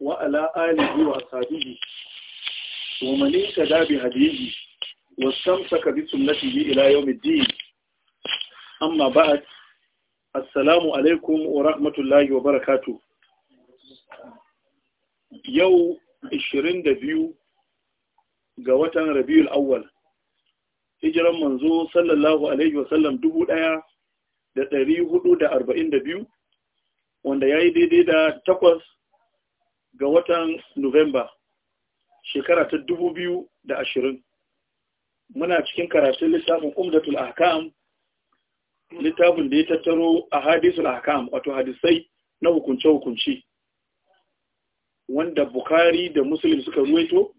wa ala alihi wa sahbihi wa man ikada bi hadihi wa samsaka bi sunnatihi ila yawmiddin amma ba'd assalamu alaikum wa rahmatullahi wa barakatuh yau 22 ga watan rabiul awwal hijran manzo sallallahu alaihi wa sallam 1442 wanda ya yi daidai da takwas ga watan Nuwamba shekara ta dubu biyu da ashirin. muna cikin karatun littafin Umdatul Ahkam littafin da ya tattaro a hadisul Ahkam wato hadisai na hukunce-hukunci wanda Bukhari da Musulmi suka ruwaito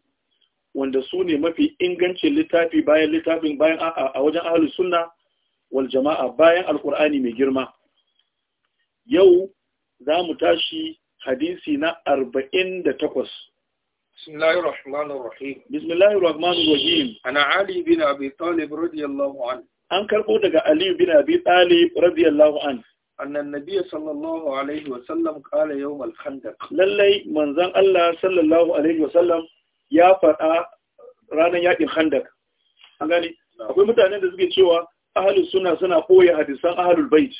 wanda su ne mafi ingancin littafi bayan littafin bayan a wajen ahlus sunna wal jama'a bayan alkur'ani mai girma yau za mu tashi hadisi na arba'in da takwas. Bismillahir Rahmanir Rahim. Ana bin Talib radiyallahu an. An karɓo daga Ali bin Abi Talib radiyallahu an. Annan Nabiya sallallahu alaihi wa sallam qala yawm Lallai manzon Allah sallallahu alaihi wa sallam ya faɗa ranar yakin Khandaq. akwai mutanen da suke cewa ahlus suna suna koya hadisan ahlul bait.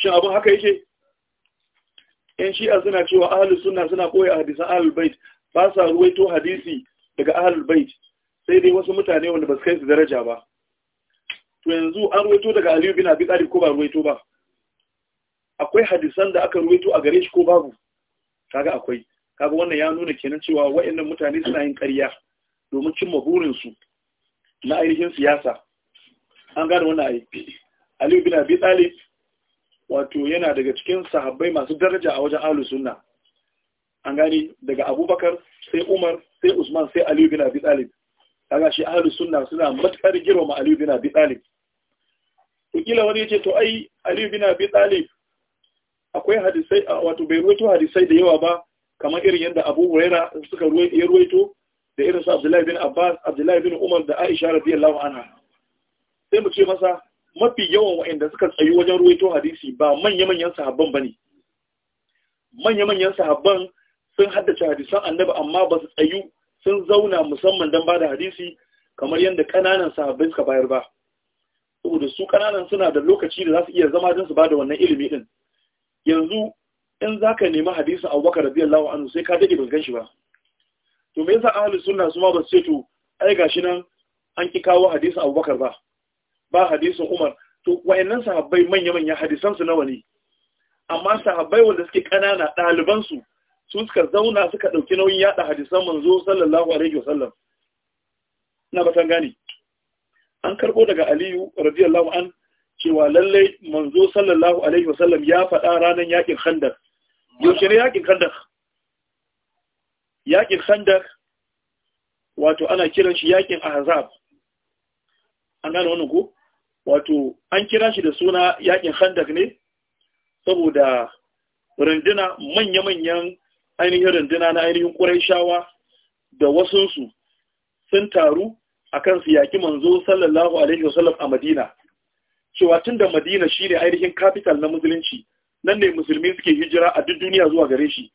Shin abin haka yake? yan shi'a suna cewa ahal sunna suna koya hadisan ahal bait ba sa ruwaito hadisi daga ahal bait sai dai wasu mutane wanda ba su kai su daraja ba to yanzu an ruwaito daga aliyu bin abi talib ko ba ruwaito ba akwai hadisan da aka ruwaito a gare shi ko babu kaga akwai kaga wannan ya nuna kenan cewa wa'annan mutane suna yin ƙarya domin cimma burinsu na ainihin siyasa an gane wannan ayi aliyu bin abi talib wato yana daga cikin sahabbai masu daraja a wajen ahlus sunna an gani daga abubakar sai umar sai usman sai aliyu bin abi talib kaga shi ahlus sunna suna matakar girma aliyu bin abi talib to kila wani yace to ai aliyu bin abi talib akwai hadisai wato bai ruwaito hadisai da yawa ba kamar irin yadda abu huraira suka ruwaito da irin su abdullahi bin abbas abdullahi bin umar da aisha radiyallahu anha sai mu ce masa mafi yawan wa'anda suka tsayi wajen ruwaito hadisi ba manya-manyan sahabban ba ne manya-manyan sahabban sun haddace hadisan annabi amma ba su tsayu sun zauna musamman don ba da hadisi kamar yadda kananan sahabbai suka bayar ba saboda su ƙananan suna da lokaci da za su iya zama don su ba da wannan ilimi din yanzu in za ka nemi hadisin abubakar radiyallahu anhu sai ka dade ban gan shi ba to me yasa ahlus sunna su ma ba su ce to ai gashi nan an ki kawo hadisin abubakar ba ba hadisin Umar to wayannan sahabbai manya-manya hadisan su nawa ne amma sahabbai wanda suke kanana daliban su su suka zauna suka dauki nauyin yada hadisan manzo sallallahu alaihi wasallam na batan gani an karbo daga Aliyu radiyallahu an cewa lalle manzo sallallahu alaihi wasallam ya faɗa ranar yakin Khandaq yaushe ne yakin Khandaq yakin Khandaq wato ana kiran shi yakin Ahzab an gane wannan ko wato an kira shi da suna yakin handak ne saboda runduna manya-manyan ainihin runduna na ainihin ƙuraishawa da wasunsu sun taru a kan su yaƙi manzo sallallahu alaihi wasallam a madina cewa tun da madina shi ne ainihin kafital na musulunci nan ne musulmi suke hijira a duk duniya zuwa gare shi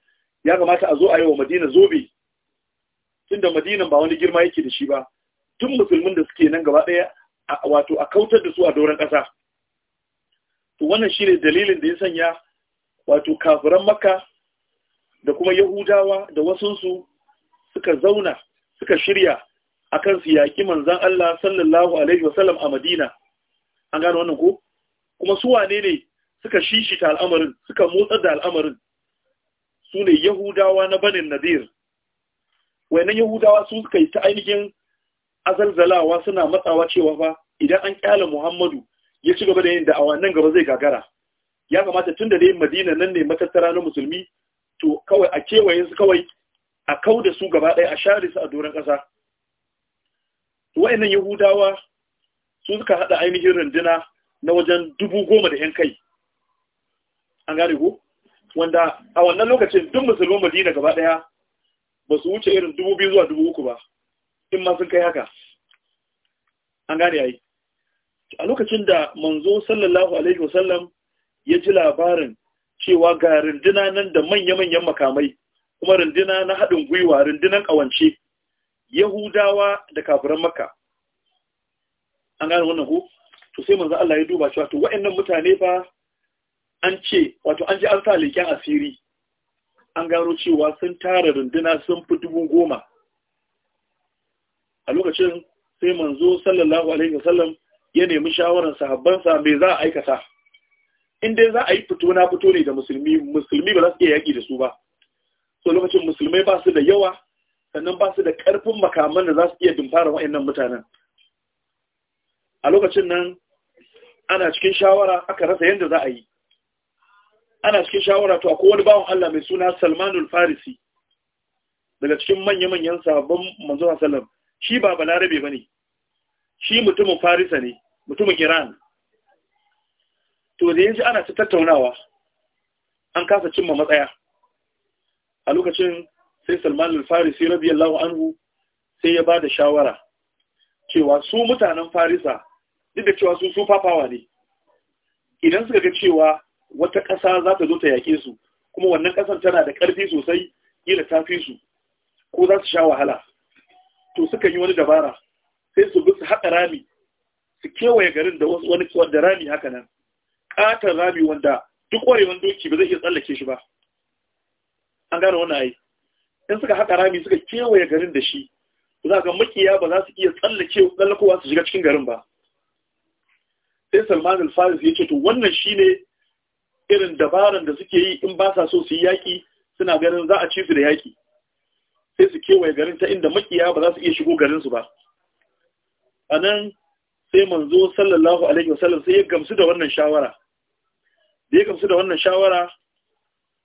ya kamata a zo a yi wa madina zobe tun da madina ba wani girma yake da shi ba tun musulmin da suke nan gaba ɗaya wato a kautar da su a doron ƙasa to wannan shine dalilin da ya sanya wato kafiran makka da kuma yahudawa da wasunsu suka zauna suka shirya akan su yaƙi manzan Allah sallallahu alaihi wasallam a Madina an gano wannan ko kuma su wane ne suka shishita al'amarin suka motsa da al'amarin su ne yahudawa na banin nadir nan yahudawa su suka yi ta ainihin azalzalawa suna matsawa cewa fa idan an kyala Muhammadu ya ci gaba da yin da'awa nan gaba zai gagara ya kamata tun da dai Madina nan ne matattara na musulmi to kawai a kewaye su kawai a kau da su gaba ɗaya a share su a doron ƙasa wa'annan Yahudawa su suka haɗa ainihin runduna na wajen dubu goma da 'yan kai an gane ko wanda a wannan lokacin duk musulman madina gaba ɗaya ba su wuce irin dubu biyu zuwa dubu uku ba in ma sun kai haka an gane yayi a lokacin da manzo sallallahu alaihi wasallam ya ji labarin cewa ga runduna nan da manya-manyan makamai kuma runduna na haɗin gwiwa rundunan ƙawance yahudawa da kafiran makka an gane wannan ku to sai manzo Allah ya duba cewa to waɗannan mutane fa an ce wato an ji an sa leƙen asiri an gano cewa sun tara runduna sun fi dubu goma a lokacin sai manzo sallallahu alaihi wasallam ya nemi shawaran sahabbansa me za a aikata in dai za a yi fito na fito ne da musulmi musulmi ba za su iya yaƙi da su ba so lokacin musulmai ba su da yawa sannan ba su da ƙarfin makaman da za su iya dumfara wa'annan mutanen a lokacin nan ana cikin shawara aka rasa yadda za a yi ana cikin shawara to akwai wani bawan Allah mai suna Salmanul Farisi daga cikin manya-manyan sabon manzon sallam shi ba balarabe ba ne shi mutumin farisa ne mutumin iran to da yanzu ana ta tattaunawa an kasa cimma matsaya a lokacin sai salman al-farisi radiyallahu anhu sai ya ba da shawara cewa su mutanen farisa duk da cewa su su fafawa ne idan suka ga cewa wata ƙasa za ta zo ta yaƙe su kuma wannan ƙasar tana da ƙarfi sosai kila ta fi su ko za su sha wahala to suka yi wani dabara sai su bi su haɗa rami su kewaye garin da wani wanda rami haka nan ƙatar rami wanda duk ƙwarewan doki ba zai iya tsallake shi ba an gane wani ai in suka haɗa rami suka kewaye garin da shi za ga makiya ba za su iya tsallake tsallakowa su shiga cikin garin ba sai salman al-faris ya ce to wannan shi ne irin dabaran da suke yi in ba sa so su yi yaƙi suna ganin za a ci su da yaƙi sai su kewaye garin ta inda makiya ba za su iya shigo garinsu ba a nan sai manzo sallallahu alaihi wasallam sai ya gamsu da wannan shawara da ya gamsu da wannan shawara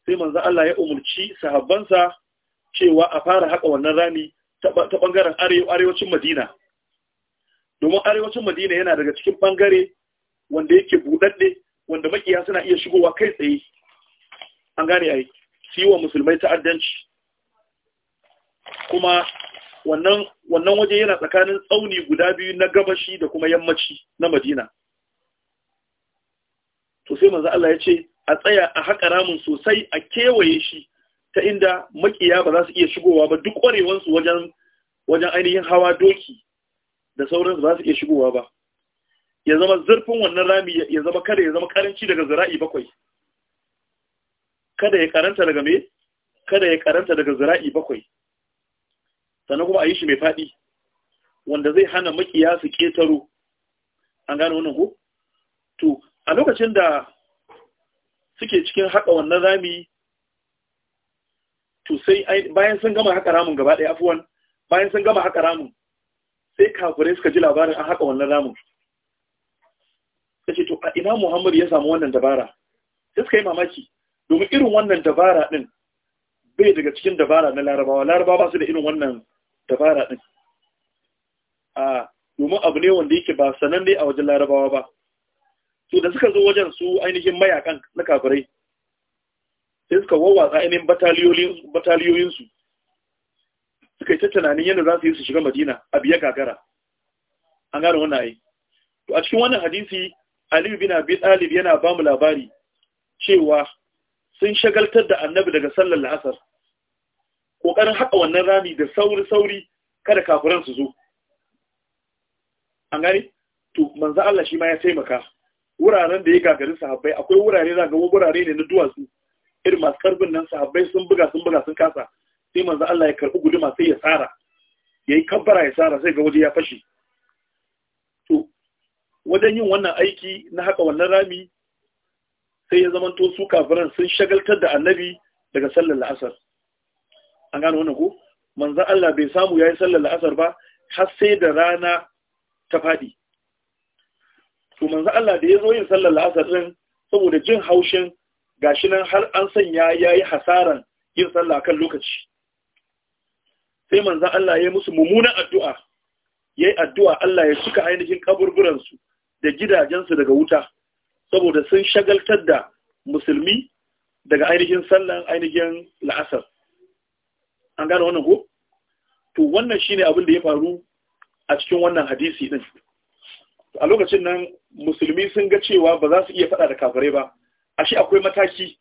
sai manzo Allah ya umurci sahabbansa cewa a fara haka wannan rami ta bangaren arewacin Madina domin arewacin Madina yana daga cikin bangare wanda yake budadde wanda makiya suna iya shigowa kai tsaye an gane ai ciwon musulmai ta'addanci kuma wannan waje yana tsakanin tsauni guda biyu na gabashi da kuma yammaci na Madina to sai manzo Allah ya ce a tsaya a haƙa ramin sosai a kewaye shi ta inda makiya ba za su iya shigowa ba duk ƙwarewansu wajen wajen ainihin hawa doki da sauransu ba za su iya shigowa ba ya zama zurfin wannan rami ya zama kada ya zama karanci daga zira'i bakwai kada ya karanta daga me kada ya karanta daga zira'i bakwai sannan kuma a yi shi mai faɗi wanda zai hana makiya su ƙetaro an gane wannan ko to a lokacin da suke cikin haƙa wannan rami to sai bayan sun gama haƙa ramin gaba ɗaya afuwan bayan sun gama haƙa ramin sai kafirai suka ji labarin an haƙa wannan ramin kace to a ina Muhammad ya samu wannan dabara sai suka yi mamaki domin irin wannan dabara din bai daga cikin dabara na Larabawa Larabawa ba su da irin wannan dabara din a domin abu ne wanda yake ba sananne a wajen larabawa ba su da suka zo wajen su ainihin mayakan na kafirai sai suka wawwatsa ainihin bataliyoyinsu suka yi ta tunanin yadda za su yi su shiga madina a biya gagara an gane wannan ayi to a cikin wannan hadisi aliyu bin abi talib yana bamu labari cewa sun shagaltar da annabi daga sallar la'asar ƙoƙarin haƙa wannan rami da sauri-sauri kada kafiran su zo an gani, to manzo Allah shi ma ya taimaka wuraren da ya gagarin sahabbai akwai wurare za ga wurare ne na duwatsu irin masu karbin nan sahabbai sun buga sun buga sun kasa sai manzo Allah ya karbi guduma sai ya tsara yayi kabbara ya tsara sai ga waje ya fashe to wajen yin wannan aiki na haka wannan rami sai ya zamanto su kafiran sun shagaltar da annabi daga sallar la'asar an gano wannan ko manzo Allah bai samu ya yi sallar la'asar ba har sai da rana ta faɗi to manzan Allah da ya zo yin sallar la'asar din saboda jin haushin gashi nan har an sanya yayi yi hasaran yin sallah kan lokaci sai manzan Allah ya yi musu mummunan addu'a ya yi addu'a Allah ya cika ainihin su da gidajensu daga wuta saboda sun shagaltar da musulmi daga ainihin sallan ainihin la'asar an gane wannan ko to wannan shine abin da ya faru a cikin wannan hadisi din a lokacin nan musulmi sun ga cewa ba za su iya faɗa da kafirai ba ashe akwai mataki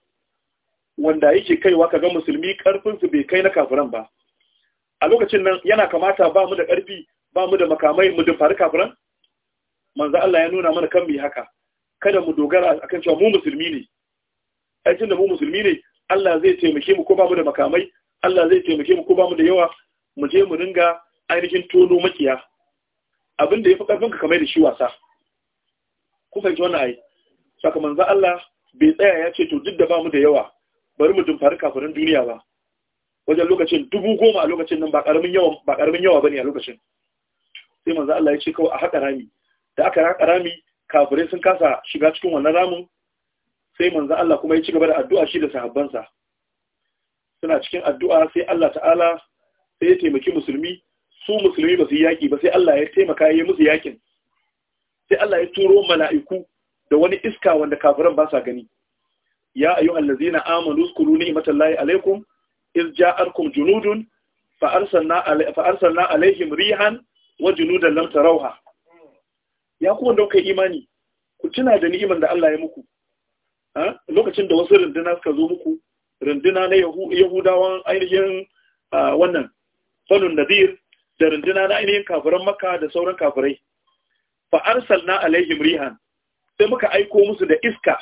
wanda yake kaiwa kaga musulmi karfin su bai kai na kafiran ba a lokacin nan yana kamata ba mu da karfi ba mu da makamai mu dafari kafiran manzo Allah ya nuna mana kan mu haka kada mu dogara akan cewa mu musulmi ne aikin da mu musulmi ne Allah zai taimake mu ko ba mu da makamai Allah zai taimake mu ko ba mu da yawa mu je mu ringa ainihin tono makiya abin da ya fi karfin ka kamar da shi wasa ku fahimci wannan ai saka manzo Allah bai tsaya ya ce to duk da ba mu da yawa bari mu dumfari kafirin duniya ba wajen lokacin dubu goma a lokacin nan ba karamin yawa ba karamin yawa a lokacin sai manzo Allah ya ce kawai a haƙa rami da aka haƙa rami kafirai sun kasa shiga cikin wannan ramin sai manzo Allah kuma ya ci gaba da addu'a shi da sahabbansa suna cikin addu'a sai Allah ta'ala sai ya taimaki musulmi su musulmi ba su yi yaƙi ba sai Allah ya taimaka ya musu yaƙin sai Allah ya turo mala'iku da wani iska wanda kafiran ba sa gani ya ayu allazina amanu zkuru ni'matallahi alaikum iz ja'arkum junudun fa arsalna fa arsalna alaihim rihan wa junudan lam tarawha ya ku wanda kai imani ku tuna da ni'iman da Allah ya muku lokacin da wasu runduna suka zo muku runduna na yahudawan ainihin wannan falun nadir da runduna na ainihin kafiran makka da sauran kafirai fa na alaihim rihan sai muka aiko musu da iska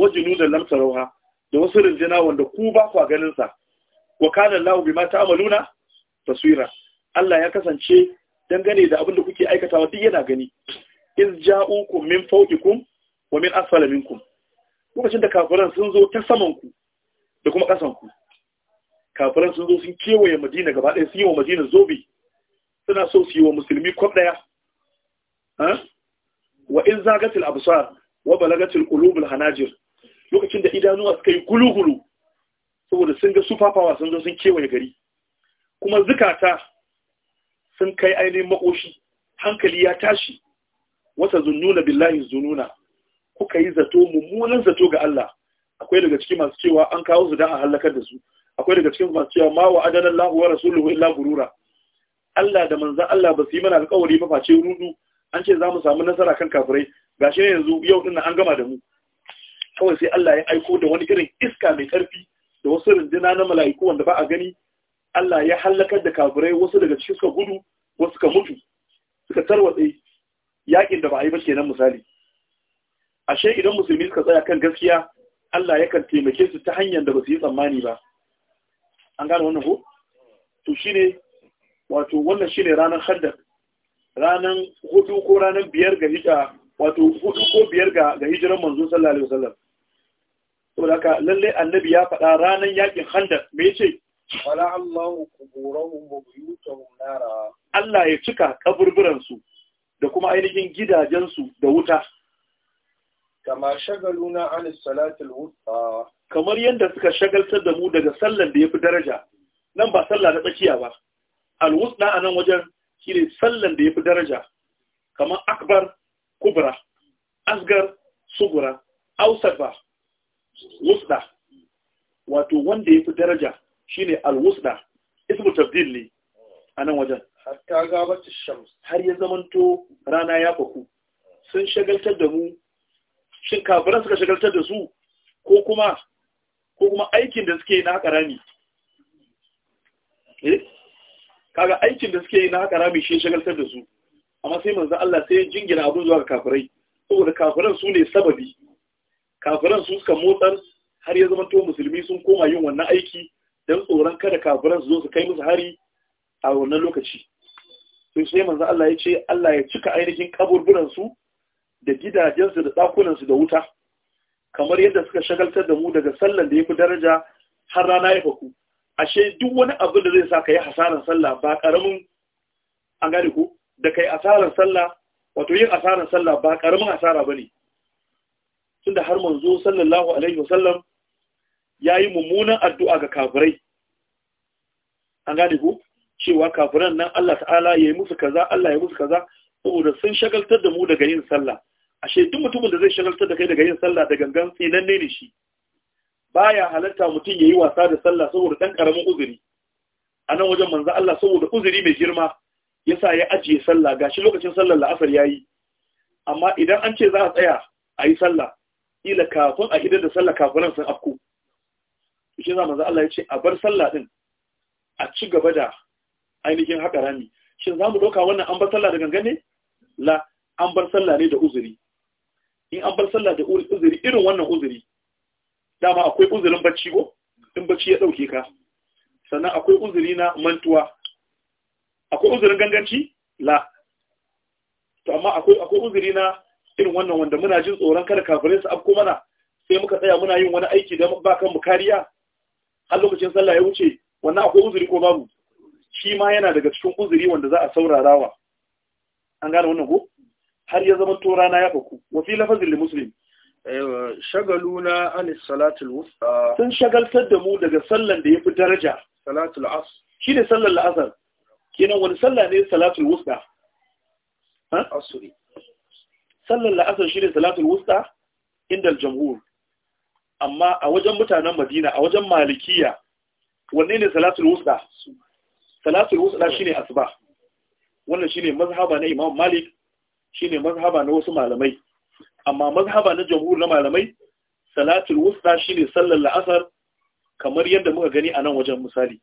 wajinu da lamsarauha da wasu runduna wanda ku ba kwa ganinsa. wa kanan kana bi mata amaluna taswira. Allah ya kasance dangane da abin da kuke aikatawa duk yana gani iz ja'ukum min fawqikum wa min asfala lokacin da kafiran sun zo ta saman ku da kuma ƙasanku kafiran sun zo sun kewaye madina gaba ɗaya sun yi wa madina zobe suna so su yi wa musulmi kwab ɗaya wa in zagatil absar wa balagatil qulubul hanajir lokacin da idanuwa suka yi gulugulu saboda sun ga sufafawa sun zo sun kewaye gari kuma zukata sun kai ainihin makoshi hankali ya tashi wata zununa billahi zununa kuka yi zato mummunan zato ga Allah akwai daga cikin masu cewa an kawo su don a halakar da su akwai daga cikin masu cewa ma wa adanan lahuwa rasuluhu illa gurura Allah da manzan Allah ba su yi mana alkawari ba face rudu an ce za mu samu nasara kan kafirai gashi ne yanzu yau din an gama da mu kawai sai Allah ya aiko da wani irin iska mai ƙarfi da wasu runduna na mala'iku wanda ba a gani Allah ya halakar da kafirai wasu daga cikin suka gudu wasu suka mutu suka tarwatsa yakin da ba a yi ba kenan misali ashe idan musulmi suka tsaya kan gaskiya Allah ya kan taimake su ta hanyar da ba su yi tsammani ba an gane wannan ko to ne, wato wannan ne ranar haddar ranar hudu ko ranar biyar ga hijira wato hudu ko biyar ga hijiran manzo sallallahu alaihi wasallam saboda haka lalle annabi ya faɗa ranar yakin handar me ce? wala mu quburahum wa mu nara Allah ya cika kaburburan da kuma ainihin gidajensu da wuta kama shagaluna an salatul wusta kamar yadda suka shagaltar da mu daga sallar da yafi daraja nan ba sallah na tsakiya ba al-wusta anan wajen shine sallar da yafi daraja kamar akbar kubra asgar sugura ausafa wusta wato wanda yafi daraja shine al-wusta ismu tabdil ne anan wajen hatta gabatar shams har ya zamanto rana ya faku sun shagaltar da mu shin kafiran suka shagaltar da su ko kuma ko kuma aikin da suke yi na haka rami eh, kaga aikin da suke yi na haka rami shi shagaltar da su amma sai manzo Allah sai jingina abun zuwa ga kafirai saboda kafiran su ne sababi kafiran su suka motsar har ya zama to musulmi sun koma yin wannan aiki dan tsoron kada kafiran su zo su kai musu hari a wannan lokaci sai manzo Allah ya ce Allah ya cika ainihin kaburburan su da gidajensu da ɗakunansu da wuta kamar yadda suka shagaltar da mu daga sallan da ya fi daraja har rana ya faku ashe duk wani abin da zai sa ka yi asarar sallah ba ƙaramin an gane ku da kai asarar sallah wato yin asarar sallah ba ƙaramin asara ba ne tunda har manzo sallallahu alaihi wasallam ya yi mummunan addu'a ga kafirai an gane ku cewa kafiran nan Allah ta'ala ya yi musu kaza Allah ya musu kaza saboda sun shagaltar da mu daga yin sallah ashe duk mutumin da zai shagaltar da kai daga yin sallah da gangan tsinanne ne shi baya halarta mutum ya yi wasa da sallah saboda dan karamin uzuri a nan wajen manzo Allah saboda uzuri mai girma yasa ya ajiye sallah gashi lokacin sallar la'asar ya yi. amma idan an ce za a tsaya a yi sallah ila kafin a hidar da sallah kafinan sun afko shi za manzo Allah ya ce a bar sallah din a ci gaba da ainihin haka rami shin za mu ɗauka wannan an bar sallah da gangan ne la an bar sallah ne da uzuri bar sallah da uzuri irin wannan uzuri dama akwai uzurin bacci ko in bacci ya dauke ka sannan akwai uzuri na mantuwa akwai uzurin ganganci la to amma akwai akwai uzuri na irin wannan wanda muna jin tsoron kada kafirin su afko mana sai muka tsaya muna yin wani aiki da ba kan mu kariya har lokacin sallah ya wuce wannan akwai uzuri ko babu shi ma yana daga cikin uzuri wanda za a saurarawa an gane wannan ko har ya zama to rana ya faku wa fi lafazin li muslim eh, shagaluna an salatul wusta sun shagaltar da mu daga sallan da yafi daraja salatul asr shine sallar la'asar kenan wani salla ne salatul wusta ha asri sallar la'asar ne salatul wusta inda al-jamhur amma a wajen mutanen Madina a wajen malikiya wanne ne salatul wusta salatul wusta shine asuba wannan shine mazhaba na Imam Malik shine mazhaba na wasu malamai amma mazhaba na jamhur na malamai salatul wusta shine sallar la'asar kamar yadda muka gani a nan wajen misali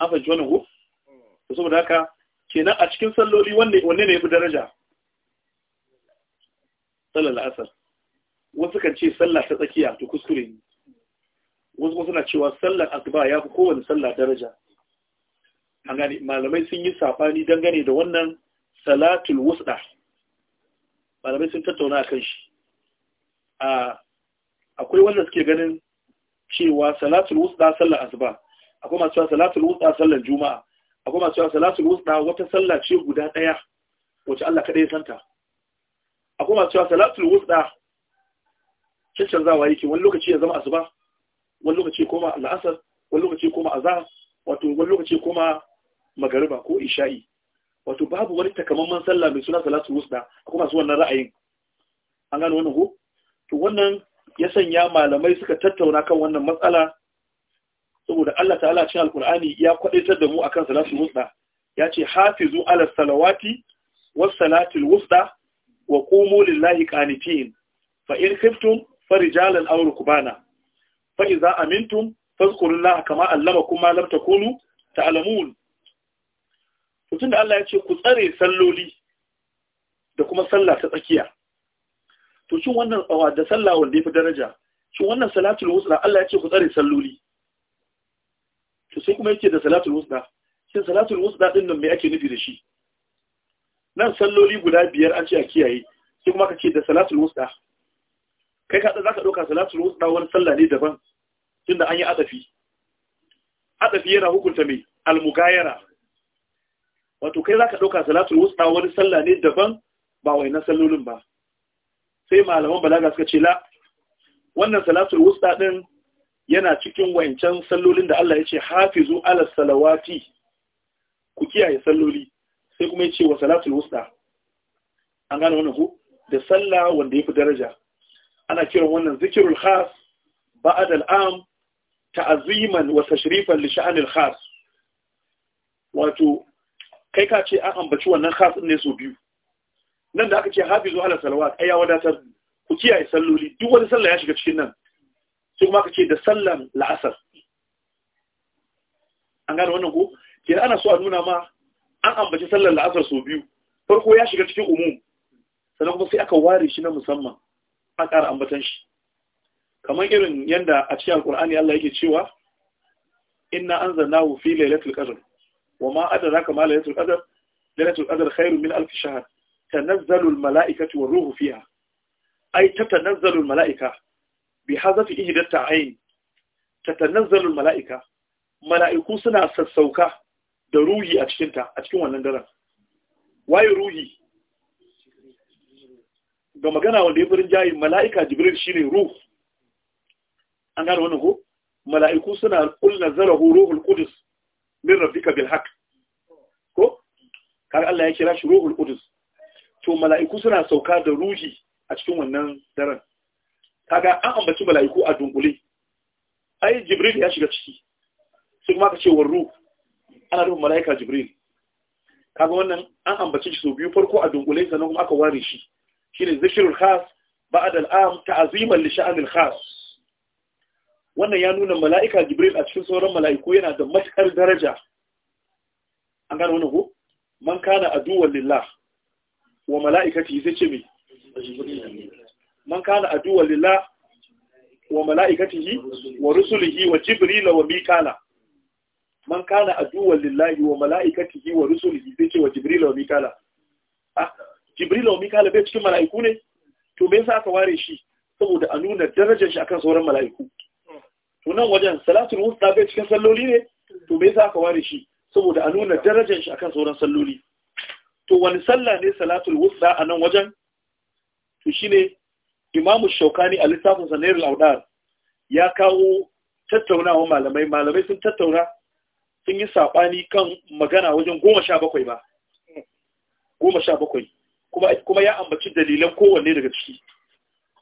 an fahimci wannan ko to saboda haka kenan a cikin salloli wanne wanne ne yafi daraja sallar la'asar wasu kan ce sallah ta tsakiya to kuskure ne wasu kuma suna cewa sallar asuba ya fi kowane sallah daraja an gani malamai sun yi sabani dangane da wannan salatul wusta malamai sun tattauna a kan shi akwai wanda suke ganin cewa salatul wusta sallar asuba akwai masu cewa salatul wusta sallar juma'a akwai masu cewa salatul wusta wata sallah ce guda ɗaya wacce Allah kaɗai ya santa akwai masu cewa salatul wusta zawa yake wani lokaci ya zama asuba wani lokaci koma al'asar, wani lokaci koma azhar wato wani lokaci koma magariba ko isha'i wato babu wani takamaiman sallah mai suna salatu wusta akwai masu wannan ra'ayin an gano wannan ko to wannan ya sanya malamai suka tattauna kan wannan matsala saboda Allah ta'ala cikin alkur'ani ya kwadaitar da mu akan salatu wusta ya ce hafizu ala salawati was salatil wusta wa qumu lillahi qanitin fa in khiftum farijalan aw rukbana fa idza amintum fadhkurullaha kama allamakum ma lam takunu ta'lamun Mutum da Allah ya ce ku tsare salloli da kuma sallah ta tsakiya to shin wannan tsawa da sallah wanda ya fi daraja shin wannan salatul wusla Allah ya ce ku tsare salloli to sai kuma yake da salatul wusla shin salatul wusla din nan me ake nufi da shi nan salloli guda biyar an ce a kiyaye sai kuma kace da salatul wusla kai ka ka ɗauka salatul wusla wani sallah ne daban tunda an yi adafi adafi yana hukunta mai almugayara wato kai za ka ɗauka salatul wusta wani sallah ne daban ba na sallolin ba sai malaman balaga suka ce la wannan salatul wusta ɗin yana cikin wancan sallolin da Allah ya ce hafizu ala salawati ku kiyaye salloli sai kuma ya ce wa salatul wusta an gane wannan ku da sallah wanda ya fi daraja ana kiran wannan zikirul khas ba'ad al'am ta'aziman wa tashrifan li sha'anil khas wato kai ka ce an ambaci wannan khas ne so biyu nan da aka ce hafizu ala salawat ai ya wadatar ku kiyaye salloli duk wani sallah ya shiga cikin nan sai kuma aka ce da sallan la'asar an gane wannan ko ke ana so a nuna ma an ambaci sallan la'asar so biyu farko ya shiga cikin umum sannan kuma sai aka ware shi na musamman a ƙara ambatan shi kamar irin yadda a cikin alƙur'ani Allah yake cewa inna anzalnahu fi lailatul qadr wa ma adraka ma lailatul qadr lailatul qadr khairun min alf shahr tanazzalu al mala'ikatu war ruhu fiha ay tatanazzalu al mala'ika bi hazafi ihda ta'ayn tatanazzalu al mala'ika mala'iku suna sassauka da ruhi a cikin wannan daren waye ruhi ga magana wanda ya furin jayi mala'ika jibril shine ruh an gano wannan ku? mala'iku suna kulna zarahu ruhul qudus min rabbika bil haqq ko kaga Allah ya kira shi ruhul qudus to mala'iku suna sauka da ruhi a cikin wannan daren kaga an ambaci mala'iku a dunkule ai jibril ya shiga ciki sai kuma ka ce war ruh ana nufin mala'ika jibril kaga wannan an ambaci shi sau biyu farko a dunkule sannan kuma aka ware shi shine zikirul khas ba'da al'am ta'ziman li sha'anil khas wannan ya nuna mala'ika jibril a cikin sauran mala'iku yana da matuƙar daraja an gano wani ko man kana aduwwan lillah wa yi sai ce me man kana aduwwan lillah wa yi wa rusulihi wa jibril wa mikala man kana aduwwan lillahi wa yi wa rusulihi sai ce wa jibril wa mikala ah, jibril wa mikala bai cikin mala'iku ne to me sa aka ware shi saboda a nuna darajar shi akan sauran mala'iku to nan wajen salatul wusta bai cikin salloli ne to bai za ka ware shi saboda a nuna darajar shi akan sauran salloli to wani sallah ne salatul wusta a nan wajen to shine imamu shaukani a littafin sanayar audar ya kawo tattaunawa malamai malamai sun tattauna sun yi saɓani kan magana wajen goma sha bakwai ba goma sha bakwai kuma ya ambaci dalilan kowanne daga ciki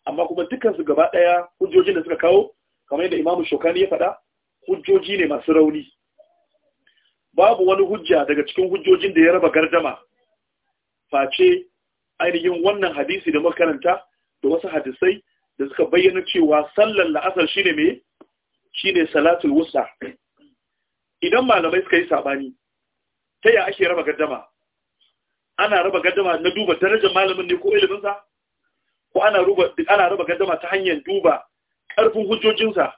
amma kuma dukansu gaba ɗaya hujjojin da suka kawo kamar yadda imamu shokani ya faɗa hujjoji ne masu rauni babu wani hujja daga cikin hujjojin da ya raba gardama face ainihin wannan hadisi da makaranta da wasu hadisai da suka bayyana cewa sallar la'asar mai shi ne salatul wusa idan malamai suka yi sabani ta ya ake raba gardama ana raba gardama na duba darajar malamin ne ko iliminsa ko ana raba gardama ta hanyar duba ƙarfin hujjojinsa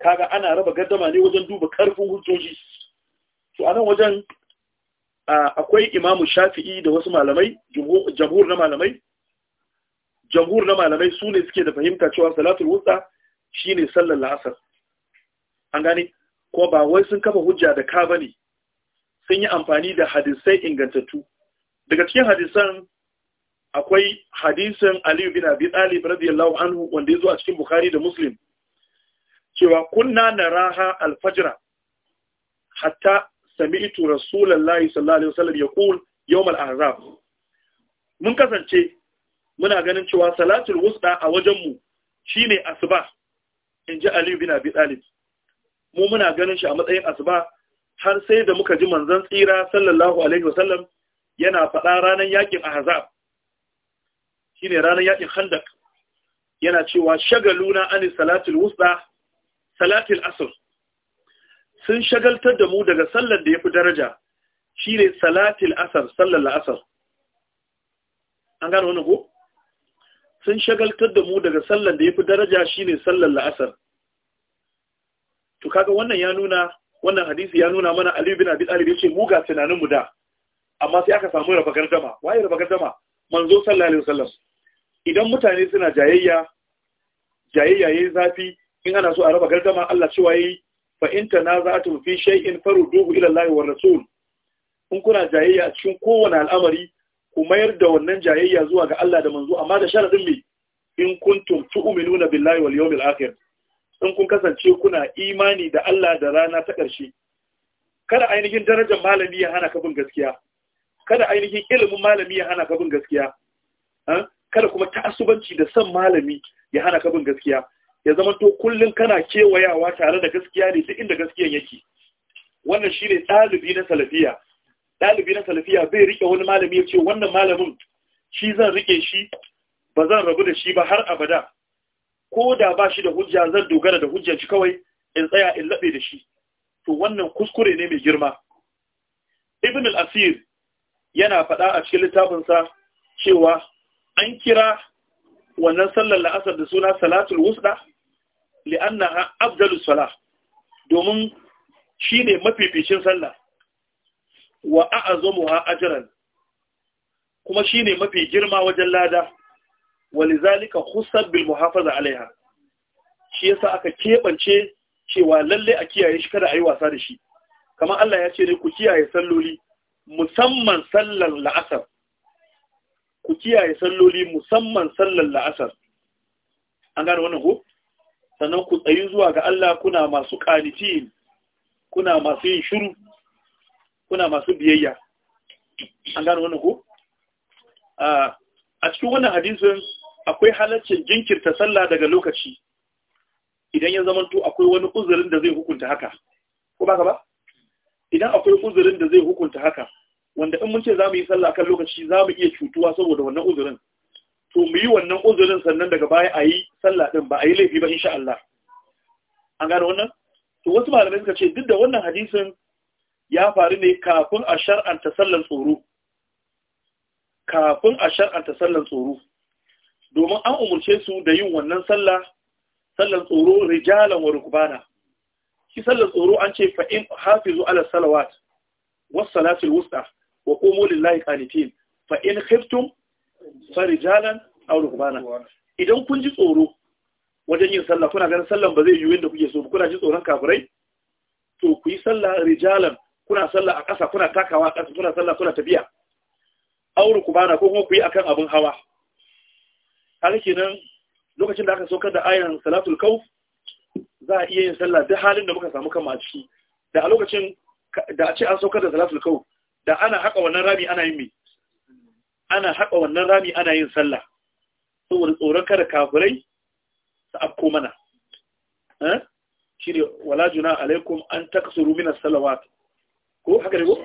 kaga ana raba gardama ne wajen duba ƙarfin hujjoji to a nan wajen akwai imamu shafi'i da wasu malamai jamhur na malamai jamhur na malamai su ne suke da fahimta cewa salatul wusta shine sallar la'asar an gane ko ba wai sun kafa hujja da ka bane sun yi amfani da hadisai ingantattu daga cikin hadisan akwai hadisin Aliyu bin Abi Talib radiyallahu anhu wanda ya zo a cikin Bukhari da Muslim cewa kunna naraha al-fajr hatta sami'tu rasulullahi sallallahu alaihi wasallam yaqul yawm al-ahzab mun kasance muna ganin cewa salatul wusta a wajen mu shine asuba inji Aliyu bin Abi Talib mu muna ganin shi a matsayin asuba har sai da muka ji manzon tsira sallallahu alaihi wasallam yana faɗa ranar yakin ahzab shine ranar yakin khandak yana cewa shagaluna an salatul wusta salatul asr sun shagaltar da mu daga sallar da yafi daraja shine salatul asr sallar la'asar an gano wannan ko sun shagaltar da mu daga sallar da yafi daraja shine sallar la'asar to kaga wannan ya nuna wannan hadisi ya nuna mana Ali bin Abi Talib yace mu ga tunanin mu da amma sai aka samu raba gardama waye raba gardama manzo sallallahu alaihi wasallam idan mutane suna jayayya jayayya yayin zafi in ana so a raba gardama Allah cewa yi fa in tanaza'tum fi shay'in farudduhu ila Allah wa rasul in kuna jayayya a cikin kowane al'amari ku mayar da wannan jayayya zuwa ga Allah da manzo amma da sharadin me in kuntum tu'minuna billahi wal yawmil akhir in kun kasance kuna imani da Allah da rana ta ƙarshe kada ainihin darajar malami ya hana ka bin gaskiya kada ainihin ilimin malami ya hana ka bin gaskiya kada kuma ta'assubanci da son malami ya hana ka bin gaskiya ya zama to kullum kana kewayawa tare da gaskiya ne duk inda gaskiyan yake wannan shine ɗalibi na salafiya ɗalibi na salafiya bai rike wani malami ya ce wannan malamin shi zan rike shi ba zan rabu da shi ba har abada ko da ba shi da hujja zan dogara da hujjar shi kawai in tsaya in laɓe da shi to wannan kuskure ne mai girma ibn al-asir yana faɗa a cikin littafinsa cewa an kira wannan sallar la'asar da suna salatul wusda ha afdalus sala domin shine mafificin sallah wa a'zamuha ajran kuma shine mafi girma wajen lada walizalika khusab bil muhafaza alaiha shi yasa aka kebance cewa lalle a kiyaye shi kada a yi wasa da shi kamar Allah ya ce ne ku kiyaye salloli musamman sallar la'asar ku kiyaye salloli musamman sallar la'asar an gane wannan ku? sannan ku tsayi zuwa ga Allah kuna masu qanitin kuna masu yin shiru kuna masu biyayya an gane wannan ku? a cikin wannan hadisin akwai halaccin jinkirta sallah daga lokaci idan ya zamanto akwai wani uzurin da zai hukunta haka ko ba ka ba idan akwai uzurin da zai hukunta haka wanda in mun ce za mu yi sallah kan lokaci za mu iya cutuwa saboda wannan uzurin to mu yi wannan uzurin sannan daga baya a yi sallah ɗin ba a yi laifi ba insha Allah an gane wannan to wasu malamai suka ce duk da wannan hadisin ya faru ne kafin a shar'anta sallan tsoro kafin a shar'anta sallan tsoro domin an umurce su da yin wannan sallah sallan tsoro rijalan wa rukbana shi sallan tsoro an ce fa in hafizu ala salawat was salatul wusta wa qumu lillahi qanitin fa in khiftum farijalan aw rukbana idan kun ji tsoro wajen yin sallah kuna gani sallan ba zai yi yadda kuke so kuna ji tsoron kafirai to ku yi sallah rijalan kuna sallah a ƙasa kuna takawa a ƙasa kuna sallah kuna tafiya auru ku bana ko kuma kuyi akan abin hawa haka kenan lokacin da aka saukar da ayan salatul kauf za a iya yin sallah duk halin da muka samu kama a da a lokacin da a ce an saukar da salatul kauf da ana haƙa wannan rami ana yin mi. ana haƙa wannan rami ana yin sallah saboda tsoron kada kafirai su afko mana eh? shi wala juna alaikum an taksuru min as-salawat ko haka ne ko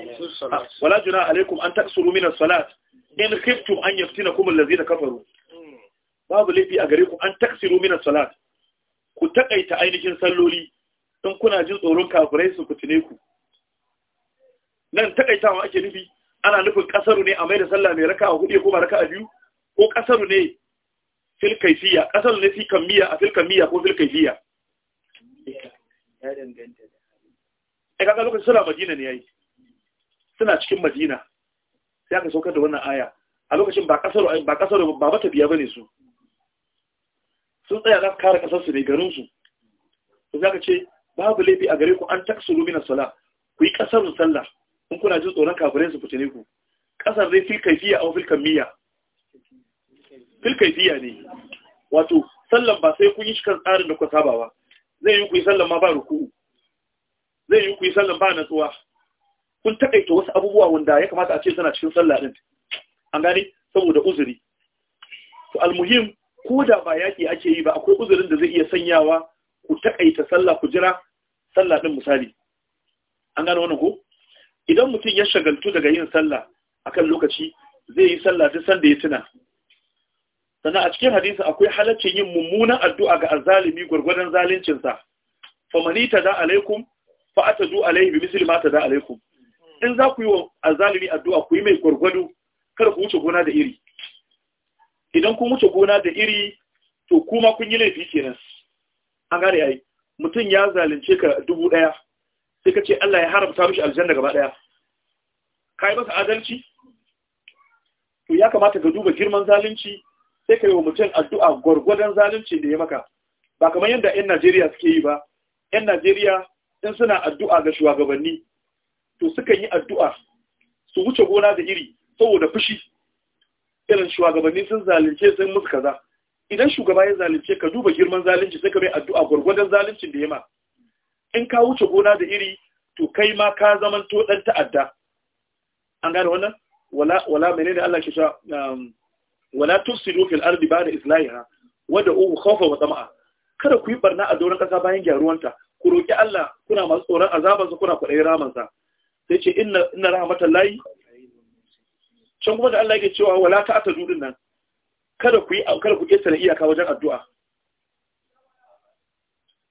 ah, wala juna alaikum an taksuru min as-salat in khiftum an yaftinakum allazina kafaru hmm. babu laifi a gare ku an taksiru min as-salat ku takaita ainihin salloli don kuna jin tsoron kafirai su kutine ku nan takaitawa ake nufi ana nufin kasaru ne a mai da sallah mai raka'a hudu ko raka raka'a biyu ko kasaru ne fil kaifiya kasaru ne fi kamiya a fil kamiya ko fil kaifiya E, danganta da kaga lokacin suna madina ne yayi suna cikin madina sai aka saukar da wannan aya a lokacin ba kasaru ba kasaru ba ba biya bane su sun tsaya za su kare kasar su ne garin su to zaka ce babu laifi a gare ku an taksulu min as-sala ku yi kasarun sallah in kuna jin tsoron kafirai su ne ku kasar dai fil kaifiya aw fil ne wato sallan ba sai kun yi shi kan tsarin da kuka saba ba zai yi ku yi sallan ma ba ruku'u zai yi ku yi sallan ba natsuwa kun takaita wasu abubuwa wanda ya kamata a ce suna cikin sallah din an gane saboda uzuri to almuhim ko da ba yaki ake yi ba akwai uzurin da zai iya sanyawa ku takaita sallah ku jira sallah din misali an gane wannan ko idan mutum ya shagaltu daga yin sallah akan lokaci zai yi sallah duk sanda ya tuna sannan a cikin hadisi akwai halaccin yin mummunan addu'a ga azzalimi gwargwadon zaluncinsa Fa ta da alaikum fa ata alaihi bi misli ma ta da alaikum in za ku yi wa azalimi addu'a ku yi mai gwargwado kada ku wuce gona da iri idan ku wuce gona da iri to kuma kun yi laifi kenan an gane ai mutum ya zalunce ka dubu ɗaya sai ka ce Allah ya haramta mishi aljanna gaba daya kai masa adalci to ya kamata ka duba girman zalunci sai ka yi wa mutum addu'a gwargwadon zalunci da ya maka ba kamar yadda 'yan Najeriya suke yi ba 'yan Najeriya in suna addu'a ga shugabanni to suka yi addu'a su wuce gona da iri saboda fushi irin shugabanni sun zalunce sun musu kaza idan shugaba ya zalunce ka duba girman zalunci sai ka mai addu'a gwargwadon zalunci da ya ma in ka wuce gona da iri to kai ma ka zaman to dan ta'adda an gane wannan wala wala menene Allah ke cewa um, wala tufsidu fil ardi ba'da islahiha wada u khawfa wa tama'a kada ku yi barna a doron kasa bayan gyaruwanta ku roki Allah kuna masu tsoron sa kuna kwaɗayin ramansa sai ce inna inna rahmatan lahi can kuma da Allah yake cewa wala ta'tadu dinnan nan kada ku yi kada ku ketare iyaka wajen addu'a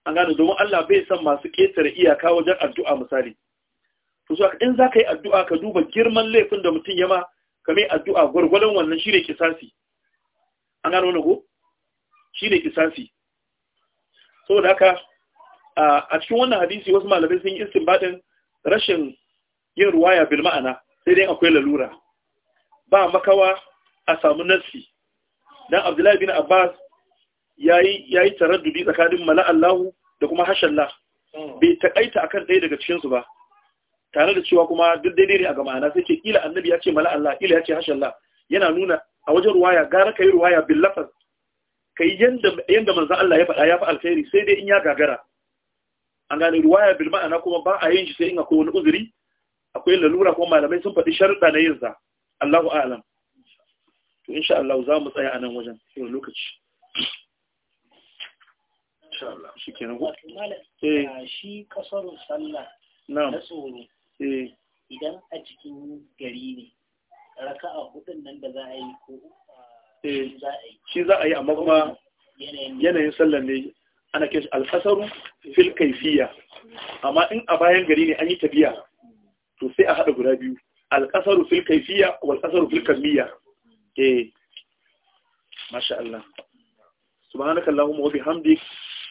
an gane domin Allah bai san masu ƙetare iyaka wajen addu'a misali to in za ka yi addu'a ka duba girman laifin da mutum ya ma ka mai addu'a gwargwadon wannan shi ne kisasi an gano wani ko shi ne kisasi saboda haka a cikin wannan hadisi wasu malamai sun yi baɗin rashin yin ruwaya bil ma'ana sai dai akwai lalura ba makawa a samu nassi dan abdullahi bin abbas yayi yayi taraddudi tsakanin mala Allahu da kuma hashalla hmm. bai takaita akan ɗaya daga cikin su ba tare da cewa kuma duk daidai ne a ga ma'ana sai ce kila annabi ya ce mala Allah kila ya ce hashalla yana nuna a wajen ruwaya gara kai ruwaya bin lafas kai yanda yanda manzo Allah ya faɗa ya fa alkhairi sai dai in ya gagara an gane ruwaya bil ma'ana kuma ba a yin shi sai in akwai wani uzuri akwai lalura kuma malamai sun faɗi sharuɗa na yin sa Allahu a'lam to insha Allah za mu tsaya a nan wajen lokaci Eh. shi ke nugu? shi kasarun sallah na tsoro eh. idan a cikin gari ne raka a hudun nan da za a yi ko ah, eh. shi za a yi amma kuma yanayin sallah ne ana ke shi alkasaru fil kaifiya amma in a bayan gari ne an yi tafiya to sai a haɗa guda biyu alkasaru fil kaifiya wal kasaru fil kamiyya eh masha Allah subhanakallahumma wa bihamdika